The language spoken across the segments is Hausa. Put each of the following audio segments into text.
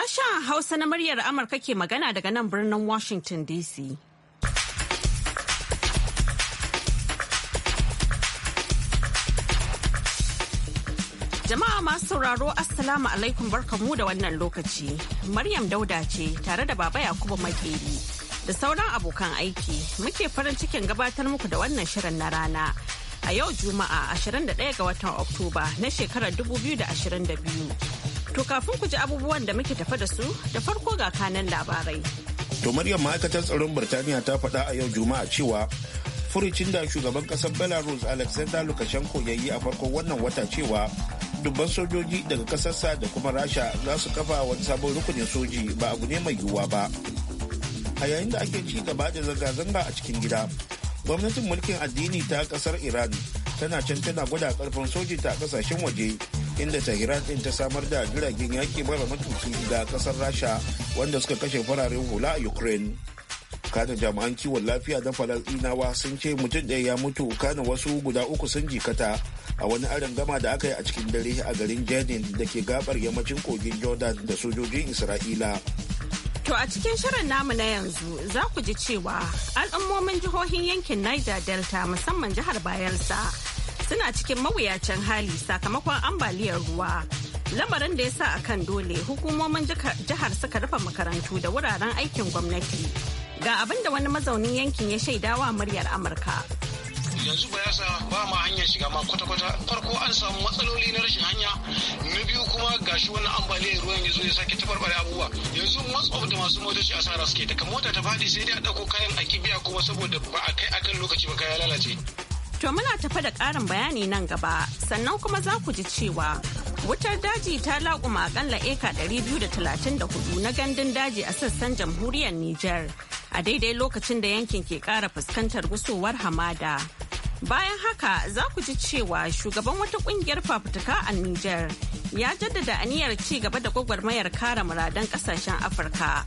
Sashen Hausa na muryar Amurka ke magana daga nan birnin Washington DC. Jama'a masu sauraro Assalamu alaikum barkamu da wannan lokaci. Maryam Dauda ce tare da Baba Yakubu Makeri da sauran abokan aiki muke farin cikin gabatar muku da wannan shirin na rana. A yau Juma'a 21 ga watan Oktoba na shekarar 2022. To kafin ku ji abubuwan da muke tafa da su da farko ga kanan labarai. To Maryam ma'aikatar tsaron Birtaniya ta faɗa a yau Juma'a cewa furucin da shugaban ƙasar Belarus Alexander Lukashenko ya yi a farko wannan wata cewa dubban sojoji daga ƙasarsa da kuma Rasha za su kafa wani sabon rukunin soji ba abu ne mai yiwuwa ba. A yayin da ake ci gaba da zanga-zanga a cikin gida, gwamnatin mulkin addini ta ƙasar Iran tana can tana gwada ƙarfin soji ta ƙasashen waje inda tehran din ta samar da jiragen yaki mara matuki da kasar rasha wanda suka kashe fararen hula a ukraine kada jami'an kiwon lafiya na falasɗinawa sun ce mutum ɗaya ya mutu kana wasu guda uku sun jikata a wani arin gama da aka yi a cikin dare a garin jenin da ke gabar yammacin kogin jordan da sojojin isra'ila To a cikin shirin namu na yanzu za ku ji cewa al'ummomin jihohin yankin Niger Delta musamman jihar Bayelsa suna cikin mawuyacin hali sakamakon ambaliyar ruwa. Lamarin da ya sa a kan dole hukumomin jihar suka rufe makarantu da wuraren aikin gwamnati. Ga abin da wani mazaunin yankin ya shaidawa muryar Amurka. yanzu ba ya sa ba ma hanyar shiga ma kwata-kwata farko an samu matsaloli na rashin hanya na biyu kuma gashi wannan ambaliyar ruwan ya zo ya sake tabarbare abubuwa yanzu matsof da masu motoci asara suke daga mota ta faɗi sai dai a ɗauko kayan a kibiya kuma saboda ba a kai akan lokaci ba kaya lalace To muna tafa da ƙarin bayani nan gaba sannan kuma za ku ji cewa wutar daji ta laƙuma akalla eka 234 na gandun daji a sassan jamhuriyar Nijar a daidai lokacin da yankin ke ƙara fuskantar gusowar hamada. Bayan haka za ku ji cewa shugaban wata ƙungiyar fafutuka a Nijar ya jaddada aniyar ci gaba da gwagwarmayar kare muradan ƙasashen Afirka.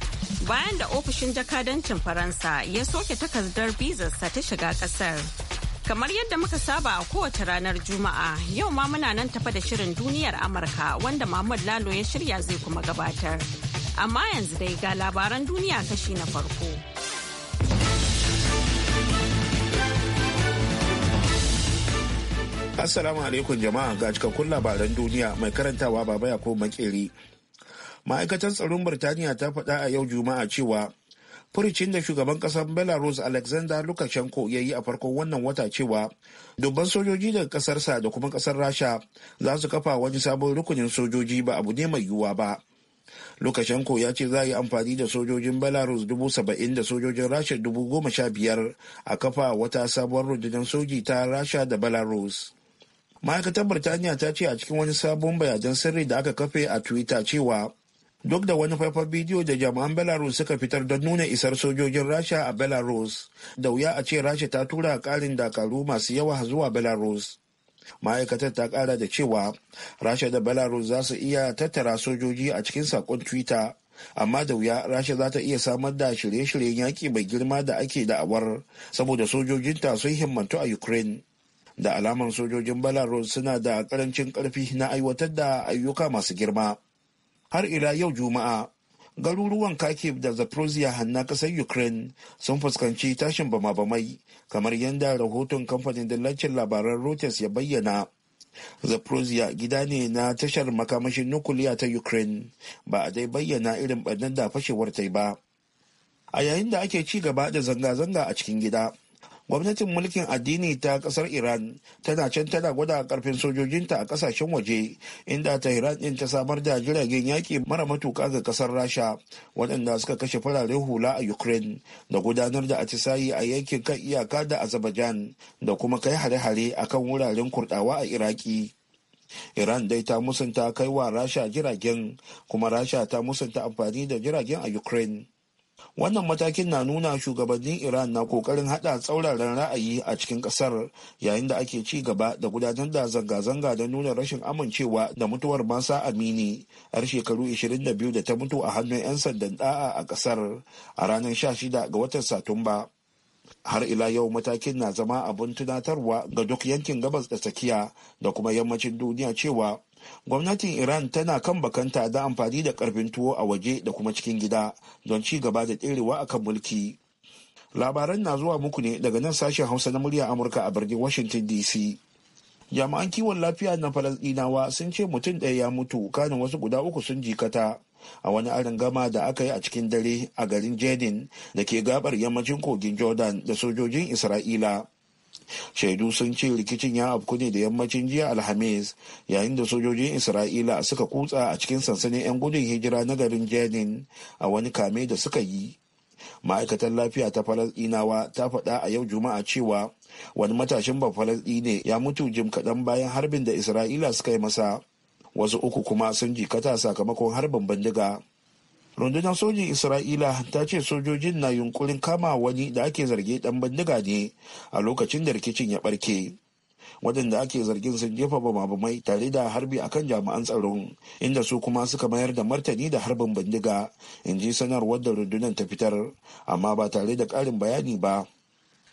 Bayan da ofishin jakadancin Faransa ya soke takardar bizarsa ta shiga ƙasar. Kamar yadda muka saba a kowace ranar Juma'a, yau ma muna nan tafa da shirin duniyar Amurka wanda Muhammad Lalo ya shirya zai kuma gabatar. Amma yanzu dai ga labaran duniya kashi na farko. Assalamu alaikum jama'a ga cikakkun labaran duniya mai karantawa baba ya ko makeri. Ma'aikatan tsaron Birtaniya ta faɗa a yau Juma'a cewa furicin da shugaban kasar belarus alexander lukashenko ya yi a farkon wannan wata cewa dubban sojoji daga kasarsa da kuma kasar rasha za su kafa wani sabon rukunin sojoji ba abu ne mai yiwuwa ba lukashenko ya ce za a yi amfani da sojojin belarus dubu saba'in da sojojin rasha dubu goma sha biyar a kafa wata sabon rundunar soji ta rasha da belarus ma'aikatar birtaniya ta ce a cikin wani sabon bayanan sirri da aka kafe a twitter cewa duk da wani faifan bidiyo da jami'an belarus suka fitar don nuna isar sojojin rasha a belarus da wuya a ce rasha ta tura karin dakaru masu yawa zuwa belarus ma'aikatar ta kara da cewa rasha da belarus za su iya tattara sojoji a cikin sakon twitter amma da wuya rasha za ta iya samar da shirye-shiryen yaƙi mai girma da ake da awar saboda sojojinta sun himmantu a ukraine da alamar sojojin belarus suna da karancin karfi na aiwatar da ayyuka masu girma har ila yau juma'a garuruwan kake da zaporozhye hanna kasar ukraine sun fuskanci tashin bama-bamai kamar yadda rahoton kamfanin dillacin labaran reuters ya bayyana zaprozia gida ne na tashar makamashin nukuliya ta ukraine ba a dai bayyana irin ɓannan da fashewar ta ba a yayin da ake ci gaba da zanga-zanga a cikin gida gwamnatin mulkin addini ta kasar iran tana can tana gwada karfin sojojinta a kasashen waje inda tehran din ta samar da jiragen yaki mara matuka ga kasar rasha waɗanda suka kashe fararen hula a ukraine da gudanar da atisayi a yankin kan iyaka da azerbaijan da kuma kai hare-hare akan wuraren kurdawa a iraki Iran dai ta musanta kai wa Rasha jiragen kuma Rasha ta musanta amfani da jiragen a Ukraine. wannan matakin na nuna shugabannin iran na kokarin hada tsauraran ra'ayi a cikin kasar yayin da ake ci gaba da gudanar da zanga-zanga don nuna rashin amincewa da mutuwar masa amini har shekaru 22 da ta mutu a hannun 'yan sandan da'a a kasar a ranar 16 ga watan satumba har ila yau matakin na zama abin tunatarwa ga duk yankin gabas da tsakiya da kuma yammacin duniya cewa gwamnatin iran tana kan bakanta da amfani da karfin tuwo a waje da kuma cikin gida don ci gaba da tserewa kan mulki labaran na zuwa muku ne daga nan sashen hausa na murya amurka a birnin washington dc jami'an kiwon lafiya na falasdinawa sun ce mutum ɗaya ya mutu kanin wasu guda uku sun jikata a wani arin gama da aka yi a cikin dare a garin jenin da ke gabar yammacin kogin jordan da sojojin isra'ila shaidu sun ce rikicin ya afku ne da yammacin jiya alhamis yayin da sojojin isra'ila suka kutsa a cikin sansanin 'yan gudun hijira na garin jenin a wani kame da suka yi ma'aikatar lafiya ta falasdinawa ta faɗa a yau juma'a cewa wani matashin ba ne ya mutu jim kaɗan bayan harbin da isra'ila suka yi masa wasu uku kuma sun jikata sakamakon harbin bindiga rundunar sojin isra'ila ta ce sojojin na yunkurin kama wani da ake zarge dan bindiga ne a lokacin da rikicin ya barke waɗanda ake zargin sun jefa bamabamai tare da harbi akan jami'an tsaron inda su kuma suka mayar da martani da harbin bindiga in ji sanarwar da rundunar ta fitar amma ba tare da ƙarin bayani ba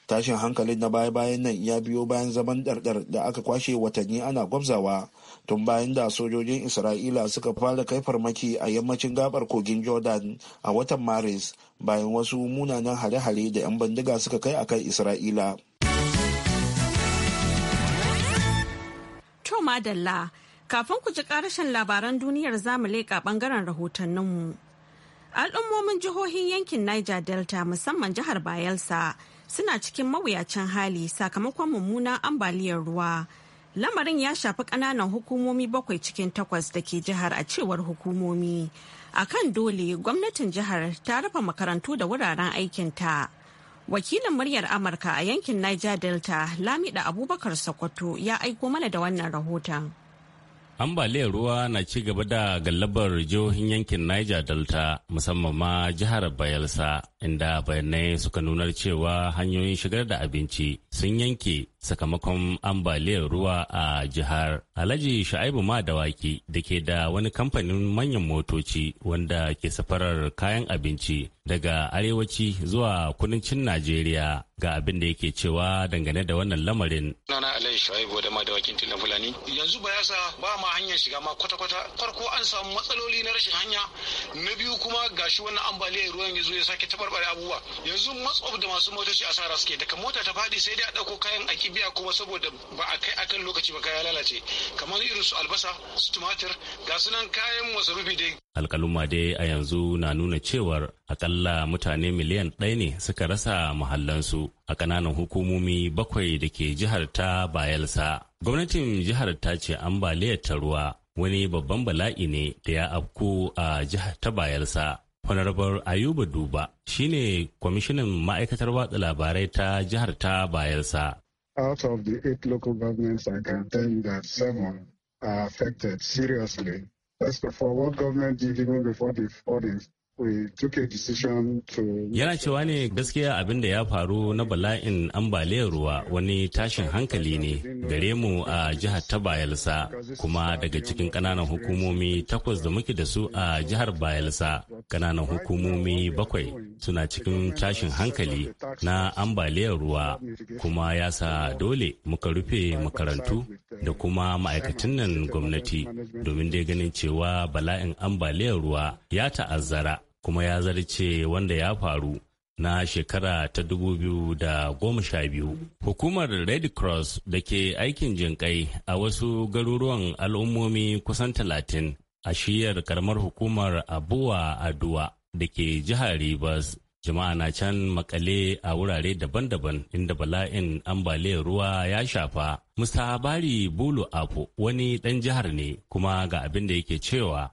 tashin hankalin na baya-bayan nan ya biyo bayan zaman ɗarɗar da aka kwashe watanni ana gwabzawa tun bayan da sojojin isra'ila suka fara kai farmaki a yammacin gabar kogin jordan a watan maris bayan wasu munanan hare-hare da 'yan bandiga suka kai a kan isra'ila to madalla kafin ku ji karashin labaran duniyar zamu leƙa bangaren rahotanninmu al'ummomin jihohin yankin niger delta musamman jihar bayelsa suna cikin mawuyacin hali sakamakon mummunan ambaliyar ruwa Lamarin ya shafi ƙananan hukumomi bakwai cikin takwas da ke jihar a cewar hukumomi. A kan dole gwamnatin jihar ta rufe makarantu da wuraren aikinta. Wakilin muryar Amurka a yankin Niger Delta Lamida Abubakar Sokoto ya aiko mana da wannan rahoton. ambaliyar ruwa na ci gaba da gallabar jihohin yankin niger delta musamman ma jihar bayelsa inda bayanai suka nunar cewa hanyoyin shigar da abinci sun yanke sakamakon ambaliyar ruwa a jihar alhaji sha'ibu ma da ke da wani kamfanin manyan motoci wanda ke safarar kayan abinci daga arewaci zuwa kudancin najeriya ga abin da yake cewa dangane da wannan lamarin. Nana Alayi Shuaibu da madawakin tilan Fulani. Yanzu ba sa ba ma hanyar shiga ma kwata-kwata. Farko an samu matsaloli na rashin hanya. Na biyu kuma gashi wannan ambaliyar ruwan ya zo ya sake tabarbare abubuwa. Yanzu matsof da masu motoci asara suke daga mota ta fadi sai dai a ɗauko kayan aki biya kuma saboda ba a kai akan lokaci ba kaya lalace kamar irin su albasa su tumatir ga sunan kayan masarufi dai alkaluma dai a yanzu na nuna cewar akalla mutane miliyan ɗaya ne suka rasa mahallansu a ƙananan hukumomi bakwai da ke jihar ta bayelsa gwamnatin jihar ta ce ambaliyar ta ruwa wani babban bala'i ne da ya afku a jihar ta bayelsa Honorable Ayuba Duba shine kwamishinan ma'aikatar watsa labarai ta jihar ta bayelsa out of the eight local governments, I can tell you that seven are affected seriously. First of all, what government did even before the, before the Yana cewa ne gaskiya abin da ya faru na bala'in ambaliyar ruwa wani tashin hankali ne gare mu a jihar ta Bayelsa kuma daga cikin kananan hukumomi takwas da muke da su a jihar Bayelsa kananan hukumomi bakwai suna cikin tashin hankali na ambaliyar ruwa kuma ya sa dole muka rufe makarantu da kuma ma'aikatan nan gwamnati domin dai ganin cewa bala'in ambaliyar ruwa ya ta'azzara kuma ya zarce wanda ya faru na shekara ta 2012. Hukumar Red Cross da ke aikin jinƙai a wasu garuruwan al'ummomi kusan talatin a shiyar karamar hukumar Abuwa Aduwa da ke jihar Rivers. Jama'a na can makale a wurare daban-daban inda bala'in ambaliyar ruwa ya shafa. Musa Bari Bulu apo wani ɗan jihar ne kuma ga abin da yake cewa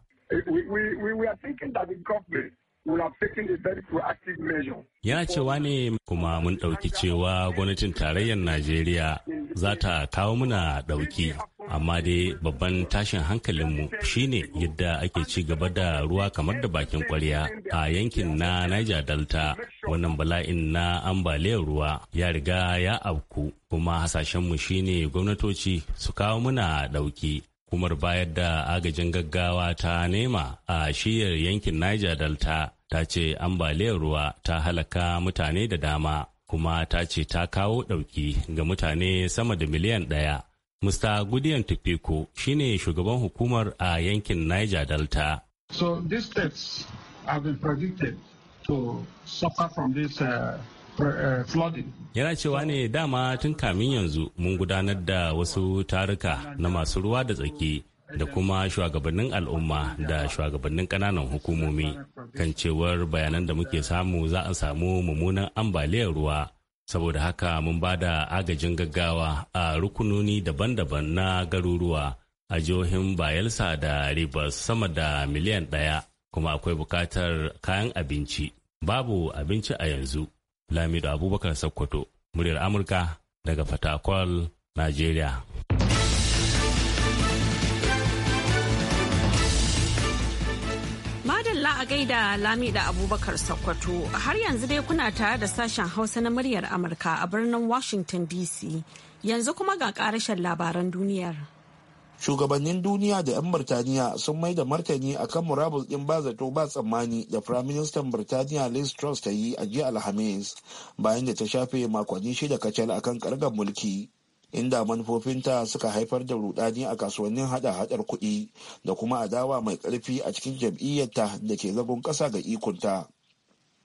Yana cewa ne kuma mun ɗauki cewa gwamnatin tarayyar Najeriya za ta kawo muna ɗauki, amma dai babban tashin hankalinmu shine yadda ake ci gaba da ruwa kamar da bakin kwarya a yankin na Niger Delta. Wannan bala'in na ambaliyar ruwa ya riga ya afku, kuma hasashenmu shine gwamnatoci su kawo muna ɗauki. Hukumar bayar da agajin gaggawa ta nema a shiyar yankin Niger Delta ta ce ambaliyar ruwa ta halaka mutane da dama kuma ta ce ta kawo ɗauki ga mutane sama da miliyan ɗaya. Mr. Gudiyan Tupiku shine shugaban hukumar a yankin Niger Delta. So these states have been predicted to suffer from this uh, Eh, Yana cewa ne dama tun kamin yanzu mun gudanar da wasu taruka na masu ruwa da tsaki da kuma shugabannin al'umma da shugabannin kananan hukumomi kan cewar bayanan da muke samu za a samu mummunan ambaliyar ruwa saboda haka mun ba da agajin gaggawa a rukunoni daban-daban na garuruwa a jihohin bayelsa da ribas sama da miliyan ɗaya kuma akwai bukatar kayan abinci babu abinci a yanzu Lamido Abubakar Sokoto, muryar Amurka daga Fatakwal, Najeriya. Madalla a gaida Lamida Abubakar Sokoto har yanzu dai kuna tare da sashen Hausa na muryar Amurka a birnin Washington DC yanzu kuma ga karashen labaran duniyar. shugabannin duniya da 'yan birtaniya sun mai da martani akan murabus ɗin ba zato ba tsammani da firaministan birtaniya liz truss ta yi a jiya alhamis bayan da ta shafe makonni shida kacal akan ƙargar mulki inda manufofinta suka haifar da rudani a kasuwannin hada hadar kuɗi da kuma adawa mai ƙarfi a cikin jam'iyyarta da ke zagon ƙasa ga ikonta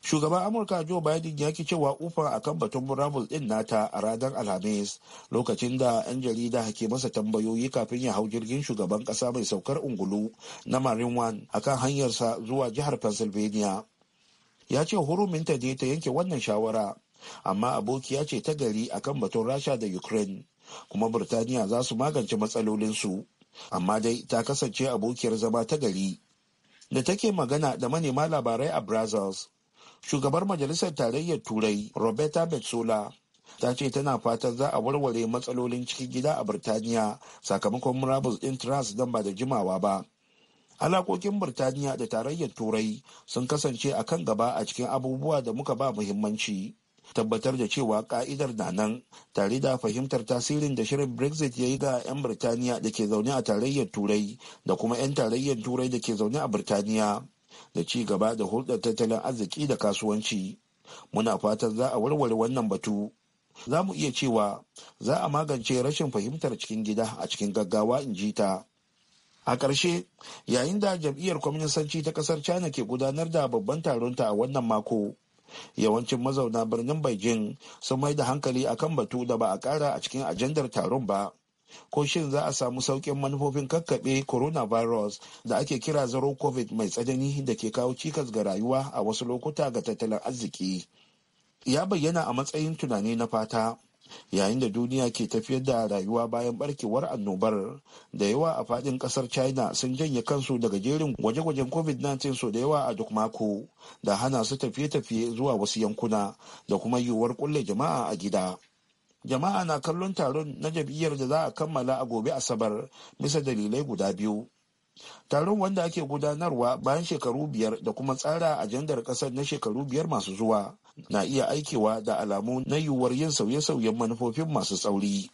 shugaban amurka joe biden ya ki cewa ufa kan batun murabus din nata a ranar alhamis lokacin da 'yan jarida ke masa tambayoyi kafin ya hau jirgin shugaban ƙasa mai saukar ungulu na marine one kan hanyarsa zuwa jihar pennsylvania ya ce huruminta ne ta yanke wannan shawara amma abokiya ce ta gari a kan batun rasha da ukraine kuma burtaniya za su magance matsalolinsu amma dai ta kasance abokiyar zama ta gari da take magana da manema labarai a brazils shugabar majalisar tarayyar turai roberta metsola ta ce tana fatan za a warware matsalolin cikin gida a birtaniya sakamakon murabus din trans don ba da jimawa ba alakokin birtaniya da tarayyar turai sun kasance a kan gaba a cikin abubuwa da muka ba muhimmanci tabbatar da cewa ka'idar na nan tare da fahimtar tasirin da shirin brexit ya yi ga 'yan birtaniya da ke zaune a tarayyar turai da kuma 'yan tarayyar turai da ke zaune a birtaniya da ci gaba da hulɗar tattalin arziki da kasuwanci muna fatan za a warware wannan batu za mu iya cewa za a magance rashin fahimtar cikin gida a cikin gaggawa in ji ta a ƙarshe yayin da jam'iyyar kwaminisanci ta ƙasar china ke gudanar da babban taron ta a wannan mako yawancin mazauna birnin beijing sun mai da hankali akan batu da ba a ƙara a cikin ajandar taron ba ko shin za a samu saukin manufofin kakkaɓe coronavirus da ake kira zaro covid mai tsanani da ke kawo cikas ga rayuwa a wasu lokuta ga tattalin arziki ya bayyana a matsayin tunani na fata yayin da duniya ke tafiyar da rayuwa bayan barkewar annobar da yawa a fadin kasar china sun janye kansu daga jerin gwaje-gwajen covid-19 so da yawa a duk mako da hana su tafiye-tafiye zuwa wasu yankuna da kuma yiwuwar kulle jama'a a gida jama'a na kallon taron na jam'iyyar da za a kammala a gobe asabar bisa dalilai guda biyu taron wanda ake gudanarwa bayan shekaru biyar da kuma tsara ajandar kasar na shekaru biyar masu zuwa na iya aikewa da alamu na yiwuwar yin sauye-sauyen manufofin masu tsauri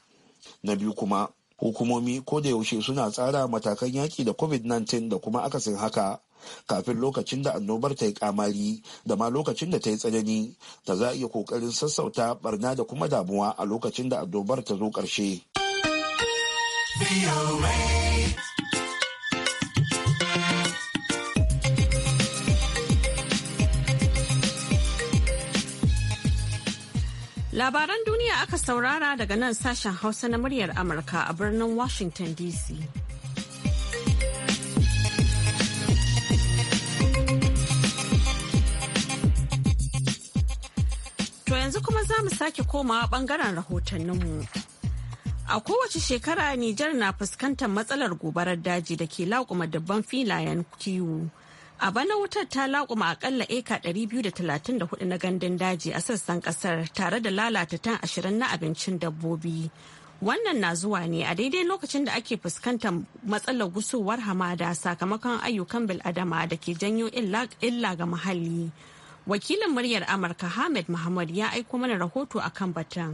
na biyu kuma hukumomi ko da yaushe suna tsara matakan yaki da covid-19 da kuma akasin haka kafin lokacin da annobar ta yi kamari da ma lokacin da ta yi tsanani da za a iya kokarin sassauta barna da kuma damuwa a lokacin da annobar ta zo ƙarshe. Labaran duniya aka saurara daga nan sashen Hausa na muryar Amurka a birnin Washington DC. yanzu kuma za mu sake komawa bangaren rahotanninmu. A kowace shekara Nijar na fuskantar matsalar gobarar daji da ke laƙuma dabban filayen kiwo. A bana wutar ta laƙuma akalla eka 234 na gandun daji a sassan ƙasar tare da lalata tan ashirin na abincin dabbobi. Wannan na zuwa ne a daidai lokacin da ake fuskantar matsalar gusowar hamada sakamakon ayyukan bil'adama da ke janyo illa ga muhalli. Wakilin muryar Amurka Hamid Muhammad ya aiko mana rahoto akan batun.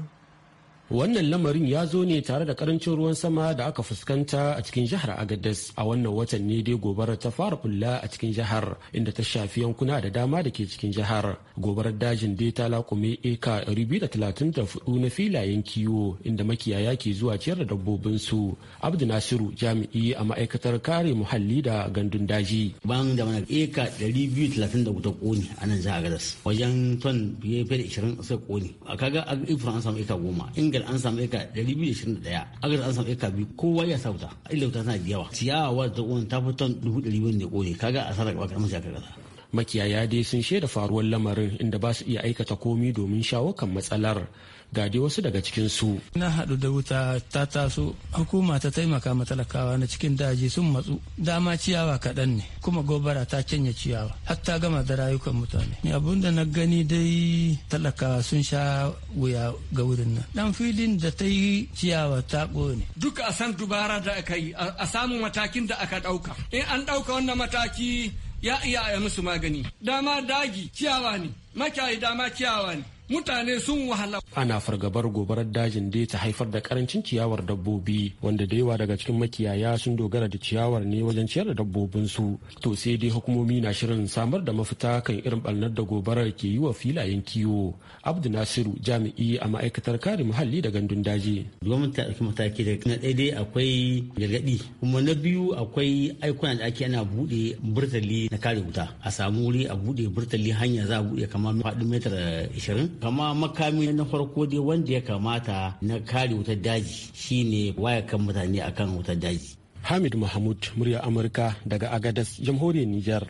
wannan lamarin ya zo ne tare da karancin ruwan sama da aka fuskanta a cikin jihar agadez a wannan watan ne dai gobarar ta fara kula a cikin jihar inda ta shafi yankuna da dama da ke cikin jihar gobarar dajin dai ta lakume eka 234 na filayen kiwo inda makiyaya ke zuwa ciyar da dabbobin su abdu nasiru jami'i a ma'aikatar kare muhalli da gandun daji ban da mana eka 234 koni a nan jihar agadez wajen ton fiye da 20 sai koni a kaga ifra an samu eka goma in Dingal an samu eka 221, agar an samu eka biyu kowa ya sa wuta, illa wuta tana da yawa. Ciyawa wa ta uwan ta fi ton 200 ne ƙone, kaga asarar ba ƙaramin shakar ƙasa. makiyaya dai sun shaida faruwar lamarin inda ba su iya aikata komi domin shawo kan matsalar ga wasu daga cikin su na haɗu da wuta ta taso hukuma ta taimaka ma talakawa na cikin daji sun matsu dama ciyawa kaɗan ne kuma gobara ta canya ciyawa hatta gama da rayukan mutane ni abun da na gani dai talakawa sun sha wuya ga wurin nan dan filin da ta yi ciyawa ta ƙone duk a san dubara da aka yi a samu matakin da aka ɗauka in an ɗauka wannan mataki ya iya a musu magani dama dagi ciyawa ne makiyayi dama ciyawa ne mutane sun wahala. Ana fargabar gobarar dajin da ta haifar da karancin ciyawar dabbobi wanda da yawa daga cikin makiyaya sun dogara da ciyawar ne wajen ciyar da dabbobinsu. To sai dai hukumomi na shirin samar da mafita kan irin ɓarnar da gobarar ke yi wa filayen kiwo. Abdu Nasiru jami'i a ma'aikatar kare muhalli da gandun daji. Gwamnati ta mataki da na ɗaya dai akwai gargaɗi kuma na biyu akwai aikuna da ake ana buɗe burtali na kare wuta a samu wuri a buɗe burtali hanya za a buɗe kamar faɗin metar ashirin kama makami na farko dai wanda ya kamata na kare wutar daji shine waya kan mutane akan wutar daji hamid mahmud murya amurka daga agadas jamhuriyar niger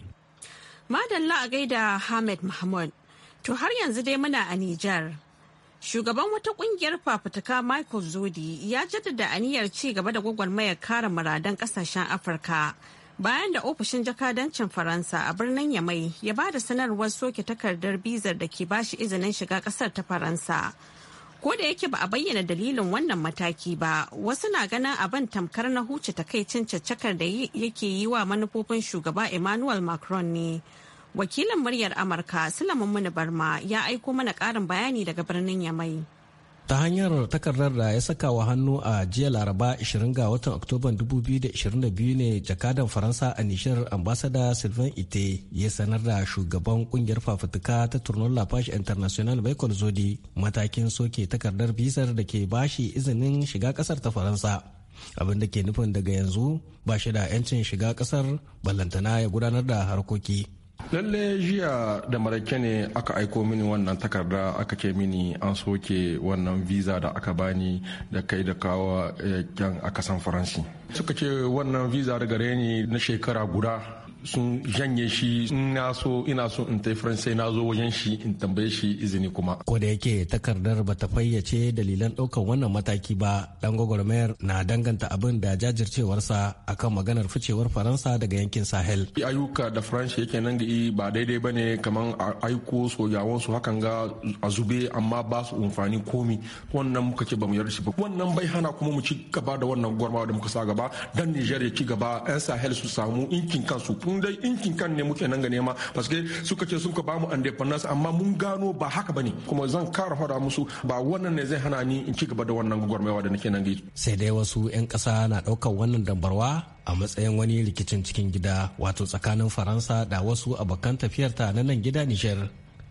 madalla a gaida hamid mahmud to har yanzu dai muna a niger Shugaban wata kungiyar fafutuka Michael Zodi ya jaddada aniyar ci gaba da gwagwarmayar kare muradan kasashen Afirka bayan da ofishin jakadancin faransa a birnin yamai ya ba da sanarwar soke takardar bizar da ke ba shi izinin shiga kasar ta faransa ko da yake ba a bayyana dalilin wannan mataki ba wasu na ganin abin tamkar na huce takaicin caccakar da yake yi wa manufofin shugaba emmanuel macron ne wakilin muryar amurka sulaiman muni barma ya aiko mana karin bayani daga birnin yamai ta hanyar takardar da ya saka wa hannu a jiya laraba 20 ga watan oktoban 2022 ne jakadan faransa a nishar ambasada sylvain ite ya sanar da shugaban kungiyar fafutuka ta turnon lafashi international michael zodi matakin soke takardar bisar da ke bashi izinin shiga kasar ta faransa abin da ke nufin daga yanzu ba shi da 'yancin shiga kasar ballantana ya gudanar da harkoki lalle jiya da marake ne aka aiko mini wannan takarda aka ce mini an soke wannan visa da aka bani da kai da kawo eh, kyan a kasan faransi suka ce wannan visa da gare ni na shekara guda sun janye shi na so ina so in tai faransai na zo wajen shi in tambaye shi izini kuma ko da yake takardar bata fayyace dalilan ɗaukar wannan mataki ba dan gwagwarmayar na danganta abin da jajircewarsa akan maganar ficewar faransa daga yankin sahel ayyuka da faransa yake nan ga ba daidai ba ne kamar aiko sojawan su hakan ga a zube amma ba su amfani komi wannan muka ce ba yarda shi ba wannan bai hana kuma mu ci gaba da wannan gwarmawa da muka sa gaba dan nijar ya ci gaba yan sahel su samu inkin kansu mun dai inkin kan ne muke nan ga nema paske suka ce suka bamu independence amma mun gano ba haka bane kuma zan kara fara musu ba wannan ne zai hana ni in ci gaba da wannan gwagwarmawa da nake nan ga sai dai wasu 'yan kasa na ɗaukar wannan dambarwa a matsayin wani rikicin cikin gida wato tsakanin faransa da wasu abokan tafiyarta na nan gida nishar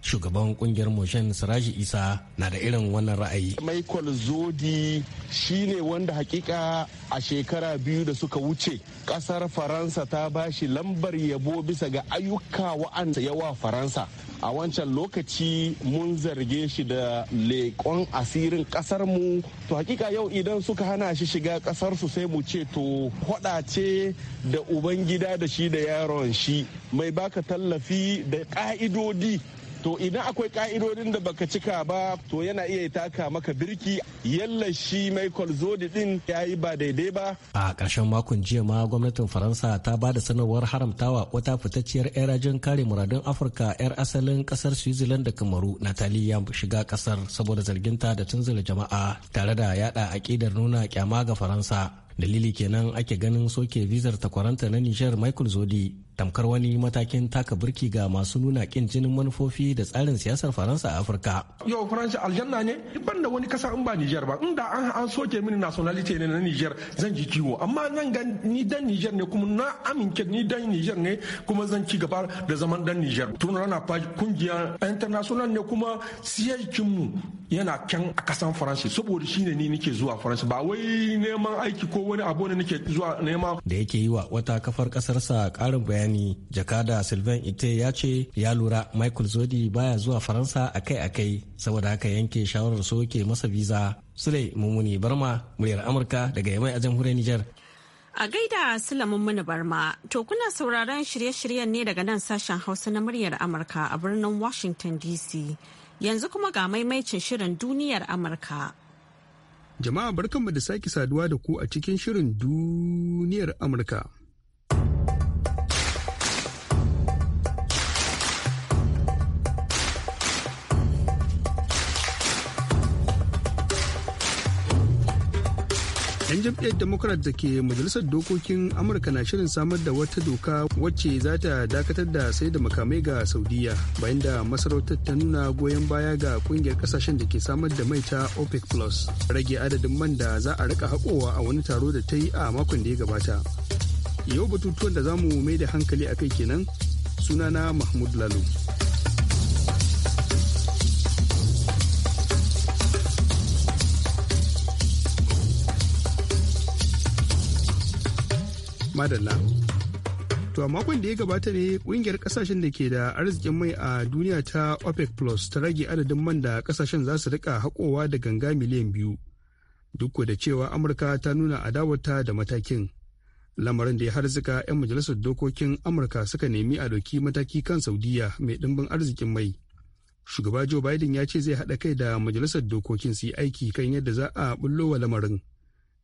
shugaban kungiyar moshen siraji isa na da irin wannan ra'ayi michael zodi shine wanda hakika a shekara biyu da suka wuce kasar faransa ta bashi lambar yabo bisa ga ayyuka wa'anda yawa faransa a wancan lokaci mun zarge shi da leƙon asirin mu to hakika yau idan suka hana shi shiga ƙasarsu sai mu ce to hwada ce da ubangida da shi da yaron shi mai baka tallafi da ƙa'idodi to idan akwai ka'idodin da baka cika ba to yana iya taka maka birki yalla shi michael zodi din ya yi ba daidai ba a ƙarshen makon jiya ma gwamnatin faransa ta ba da sanarwar haramtawa wata fitacciyar yar rajin kare muradun afirka yar asalin ƙasar switzerland da kamaru natalie ya shiga ƙasar saboda zarginta da tunzula jama'a tare da yada aƙidar nuna kyama ga faransa dalili kenan ake ganin soke vizar takwaranta na nijar michael zodi tamkar wani matakin taka birki ga masu nuna kin jinin manufofi da tsarin siyasar faransa a afirka yau faransa aljanna ne ban da wani kasa in ba niger ba inda an an soke mini nationality ne na niger zan ji kiwo amma nan ga ni dan niger ne kuma na amince ni dan niger ne kuma zan ci gaba da zaman dan niger tun rana fa kungiya international ne kuma siyakin mu yana kyan a kasan faransa saboda shine ni nake zuwa faransa ba wai neman aiki ko wani abu ne nake zuwa nema da yake yi wa wata kafar kasarsa karin bayani bayani jakada sylvain ite ya ce ya lura michael zodi baya zuwa faransa akai-akai saboda haka yanke shawarar soke masa visa sule mummuni barma muryar amurka daga yamai a jamhuriyar niger A gaida Sulamun mummuni Barma, to kuna sauraron shirye-shiryen ne daga nan sashen Hausa na muryar Amurka a birnin Washington DC. Yanzu kuma ga maimaicin shirin duniyar Amurka. Jama'a barkanmu da sake saduwa da ku a cikin shirin duniyar Amurka. 'yan jam'iyyar democrat da ke majalisar dokokin amurka na shirin samar da wata doka wacce za ta dakatar da sai da makamai ga saudiya bayan da masarautar ta nuna goyon baya ga kungiyar kasashen da ke samar da mai ta opec plus rage adadin man da za a rika haƙowa a wani taro da ta yi a makon da ya gabata yau batutuwan da za mu mai da hankali a kai kenan sunana mahmud lalu madalla to a makon da ya gabata ne kungiyar kasashen da ke da arzikin mai a duniya ta opec plus ta rage adadin man da kasashen za su rika haƙowa da ganga miliyan biyu duk da cewa amurka ta nuna adawarta da matakin lamarin da ya harzika 'yan majalisar dokokin amurka suka nemi a doki mataki kan saudiya mai ɗimbin arzikin mai shugaba joe biden ya ce zai haɗa kai da majalisar dokokin su yi aiki kan yadda za a ɓullo wa lamarin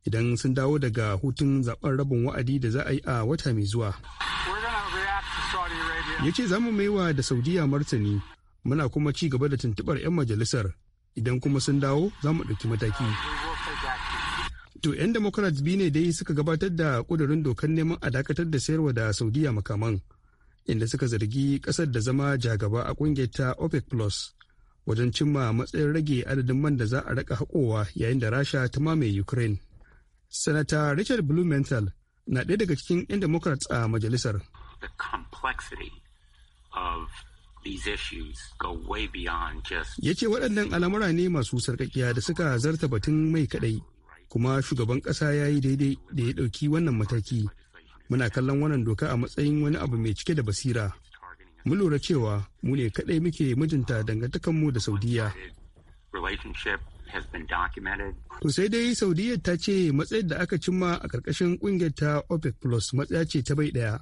idan sun dawo daga hutun zaben rabin wa'adi da za a yi a wata mai zuwa. Ya ce za mu maiwa da Saudiya martani muna kuma ci gaba da tuntubar 'yan majalisar idan kuma sun dawo za mu ɗauki mataki. To 'yan democrat bi ne dai suka gabatar da ƙudurin dokar neman a dakatar da sayarwa da Saudiya makaman inda suka zargi ƙasar da zama jagaba a ƙungiyar ta OPEC Plus wajen cimma matsayin rage adadin man da za a raka haƙowa yayin da Rasha ta mamaye Ukraine. Sanata Richard Blumenthal na ɗaya daga cikin 'yan Democrats a majalisar. The complexity of ya ce waɗannan al'amura ne masu sarƙaƙiya da suka zarta batun mai kaɗai kuma shugaban ƙasa ya yi daidai da ya ɗauki wannan mataki muna kallon wannan doka a matsayin wani abu mai cike da basira mun lura cewa mu ne kaɗai muke mijinta dangantakanmu da saudiya kusai To sai dai Saudiya ta ce matsayin da aka cimma a ƙarƙashin ƙungiyar ta OPEC Plus matsaya ce ta bai ɗaya.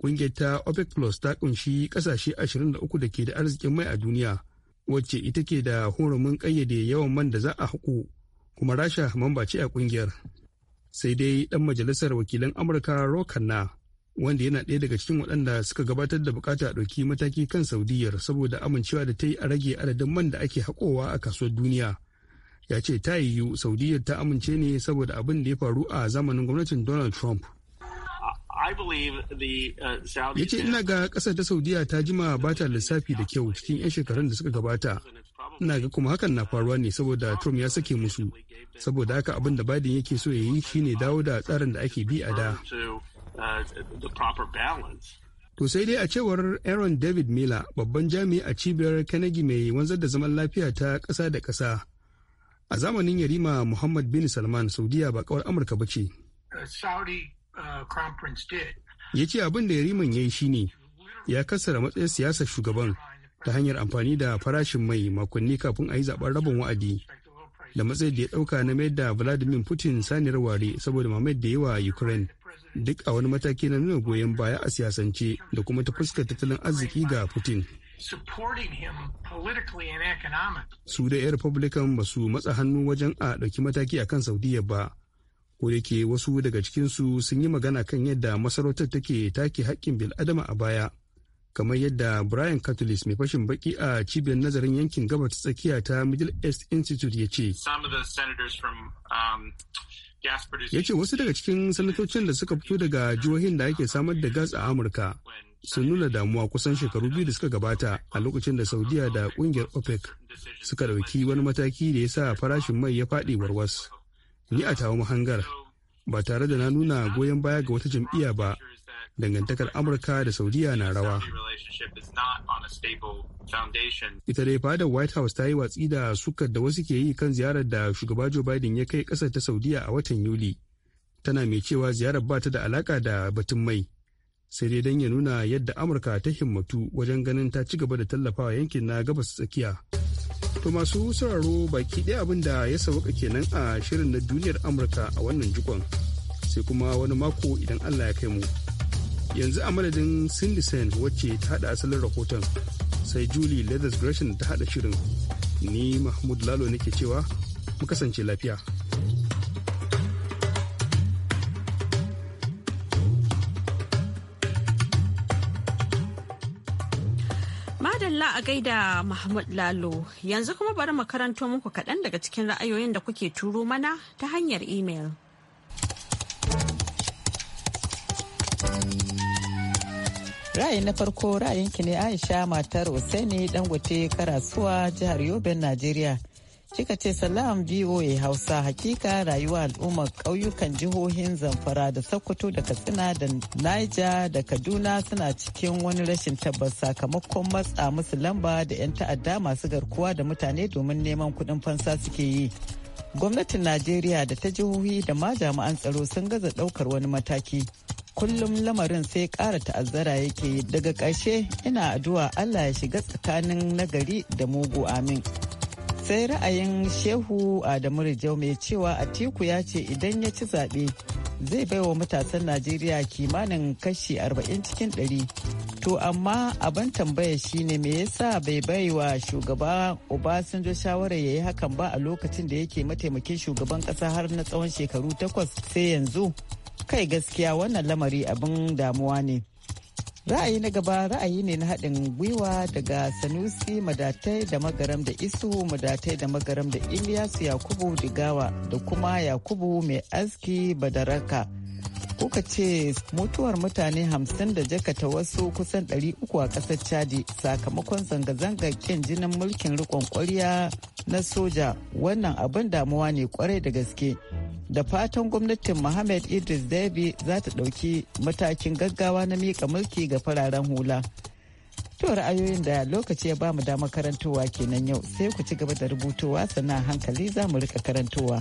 Ƙungiyar ta OPEC Plus ta ƙunshi ƙasashe 23 da ke da arzikin mai a duniya, wacce ita ke da horumin ƙayyade yawan man da za a haƙo, kuma Rasha mamba ce a ƙungiyar. Sai dai ɗan majalisar wakilan Amurka Rokanna wanda yana ɗaya daga cikin waɗanda suka gabatar da bukata a ɗauki mataki kan saudiyyar saboda amincewa da ta yi a rage adadin man da ake haƙowa a kasuwar duniya ya ce ta yiwu saudiya ta amince ne saboda abin da ya faru a zamanin gwamnatin donald trump uh, ya ce ina ga kasar ta saudiya ta jima ba ta lissafi da kyau cikin 'yan shekarun da suka gabata ina ga kuma hakan na faruwa ne saboda trump ya sake musu saboda haka abin da biden yake so ya yi shine dawo da tsarin da ake bi a da To uh, sai dai a cewar Aaron David Miller babban jami'i a cibiyar Carnegie mai wanzar da zaman lafiya ta kasa da ƙasa a zamanin yarima muhammad bin salman saudiya ba kawar amurka ba ce uh, ya ce abin da yariman ya yi shi ne ya kassara matsayin siyasar shugaban ta hanyar amfani da farashin mai makonni kafin a yi zaben rabin wa'adi da matsayin da ya dauka na mayar da vladimir putin saniyar ware saboda mamayar da yawa ukraine duk a wani mataki na nuna goyon baya a siyasance da kuma ta fuskar tattalin arziki ga putin supporting him politically and economically. Su da 'yar Republican ba su matsa hannu wajen a ɗauki mataki akan Saudiya ba. ko yake wasu daga cikinsu sun yi magana kan yadda masarautar take take haƙƙin bil'adama a baya. Kamar yadda Brian Catalyst mai fashin baki a cibiyar nazarin yankin gabata ta tsakiya ta Middle East Institute ya ce. Um, ya ce wasu daga cikin sanatocin da suka fito daga jihohin da ake samar da gas a Amurka sun nuna damuwa kusan shekaru biyu da suka gabata a lokacin da saudiya da kungiyar opec suka dauki wani mataki da ya sa farashin mai ya fadi warwas ni a tawo mahangar ba tare da na nuna goyon baya ga wata jam'iyya ba dangantakar amurka da saudiya na rawa ita dai fadar white house ta yi watsi da sukar da wasu ke yi kan ziyarar da shugaba joe biden ya kai kasar ta saudiya a watan yuli tana mai cewa ziyarar ba ta da alaka da batun mai sai dai don ya nuna yadda amurka ta himmatu wajen ganin ta ci gaba da tallafawa yankin na gabas tsakiya to masu sauraro baki ɗaya abin da ya sauka kenan a shirin na duniyar amurka a wannan jikon sai kuma wani mako idan allah ya kai mu yanzu a madadin cindy sen wacce ta haɗa asalin rahoton sai julie leathers gresham ta haɗa shirin ni mahmud lalo nake cewa mu kasance lafiya gaida Mahmud Lalo yanzu kuma bari mu muku kaɗan daga cikin ra'ayoyin da kuke turo mana ta hanyar imel. Ra'ayi na farko ra'ayinki ne Aisha matar Usaini Dangote Karasuwa jihar Yobe Najeriya. Kika ce salam VOA Hausa hakika rayuwa al'ummar ƙauyukan jihohin Zamfara da Sokoto da Katsina da Niger da Kaduna suna cikin wani rashin tabbas sakamakon matsa musu lamba da 'yan ta'adda masu garkuwa da mutane domin neman kuɗin fansa suke yi. Gwamnatin Najeriya da ta jihohi da ma jami'an tsaro sun gaza ɗaukar wani mataki. Kullum lamarin sai ƙara ta'azzara yake daga ƙarshe ina addu'a Allah ya shiga tsakanin nagari da mugu amin. sai ra'ayin shehu adamu rijau mai cewa atiku ya ce idan ya ci zaɓe zai bai wa matasan najeriya kimanin kashi 40 cikin 100 to amma abin tambaya shine me yasa bai baiwa shugaba obasanjo shawarar ya yi hakan ba a lokacin da yake mataimakin shugaban ƙasa har na tsawon shekaru takwas sai yanzu kai gaskiya wannan lamari abin damuwa ne ra'ayi na gaba ra'ayi ne na haɗin gwiwa daga sanusi madatai da magaram da isu madatai da magaram da iliyasu yakubu digawa da kuma yakubu mai aski badaraka kuka ce mutuwar mutane hamsin da jakata wasu kusan ɗari uku a ƙasar chadi sakamakon zanga zanga kin jinin mulkin riƙon ƙwarya na soja wannan abin damuwa ne kwarai da gaske da fatan gwamnatin Mohammed Idris Deby za ta ɗauki matakin gaggawa na miƙa mulki ga fararen hula. To ra'ayoyin da lokaci ya bamu damar karantowa kenan yau sai ku ci gaba da rubutuwa sannan hankali za mu rika karantowa.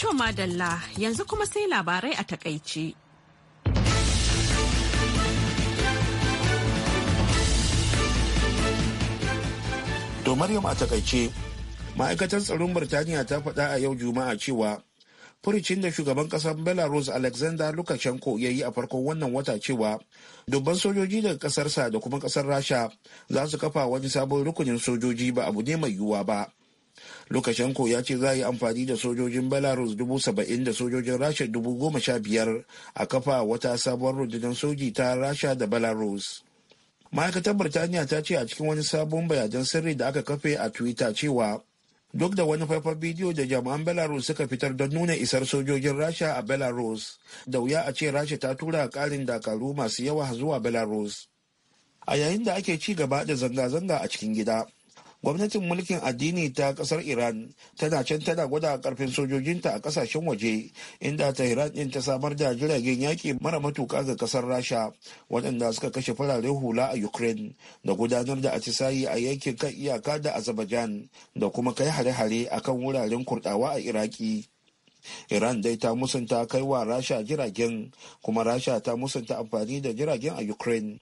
To madalla yanzu kuma sai labarai a takaice. To Maryam a takaice, ma'aikatar tsaron Birtaniya ta faɗa a yau Juma'a cewa furicin da shugaban ƙasar Belarus Alexander Lukashenko ya yi a farkon wannan wata cewa dubban sojoji daga ƙasarsa da kuma ƙasar Rasha za su kafa wani sabon rukunin sojoji ba abu ne mai yiwuwa ba. Lukashenko ya ce za a yi amfani da sojojin Belarus dubu saba'in da sojojin Rasha dubu goma sha biyar a kafa wata sabuwar rundunar soji ta Rasha da Belarus. ma'aikatar birtaniya ta ce a cikin wani sabon bayanan sirri da aka kafe a twitter cewa duk da wani faifan bidiyo da jami'an belarus suka fitar don nuna isar sojojin rasha a belarus da wuya a ce rasha ta tura karin dakaru masu yawa zuwa belarus a yayin da ake ci gaba da zanga-zanga a cikin gida gwamnatin mulkin addini ta kasar iran tana can tana gwada karfin sojojinta a kasashen waje inda tehran din ta samar da jiragen yaki mara matuka ga kasar rasha waɗanda suka kashe fararen hula a ukraine da gudanar da atisayi a yankin kan iyaka da azerbaijan da kuma kai hare-hare a kan wuraren kurdawa a iraki iran dai ta musanta kai wa rasha jiragen kuma rasha ta musanta amfani da jiragen a ukraine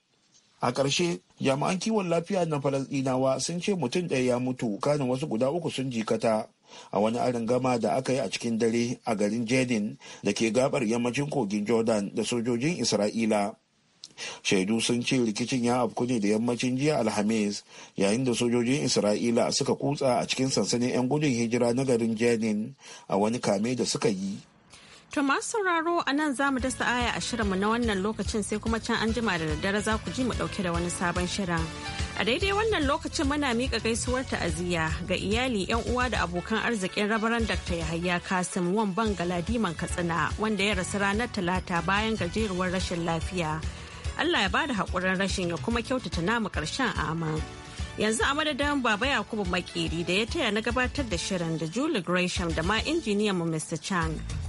a ƙarshe jami'an kiwon lafiya na falasɗinawa sun ce mutum ɗaya ya mutu kanin wasu guda uku sun jikata a wani arin gama da aka yi a cikin dare a garin jenin da ke gabar yammacin kogin jordan da sojojin isra'ila shaidu sun ce rikicin ya afku ne da yammacin jiya alhamis yayin da sojojin isra'ila suka kutsa a cikin sansanin 'yan gudun hijira na garin jenin a wani kame da suka yi To masu sauraro a nan za mu dasa aya a shirinmu na wannan lokacin sai kuma can an jima da daddare za ku ji mu ɗauke da wani sabon shirin. A daidai wannan lokacin muna miƙa gaisuwar ta'aziyya ga iyali 'yan uwa da abokan arzikin rabaran Dr. Yahaya Kasim Bangala Galadiman Katsina wanda ya rasu ranar Talata bayan gajeruwar rashin lafiya. Allah ya bada haƙurin rashin ya kuma kyautata namu ƙarshen aman. yanzu a madadin baba yakubu makeri da ya taya na gabatar da shirin da julie gresham da ma injiniyan mu mr chang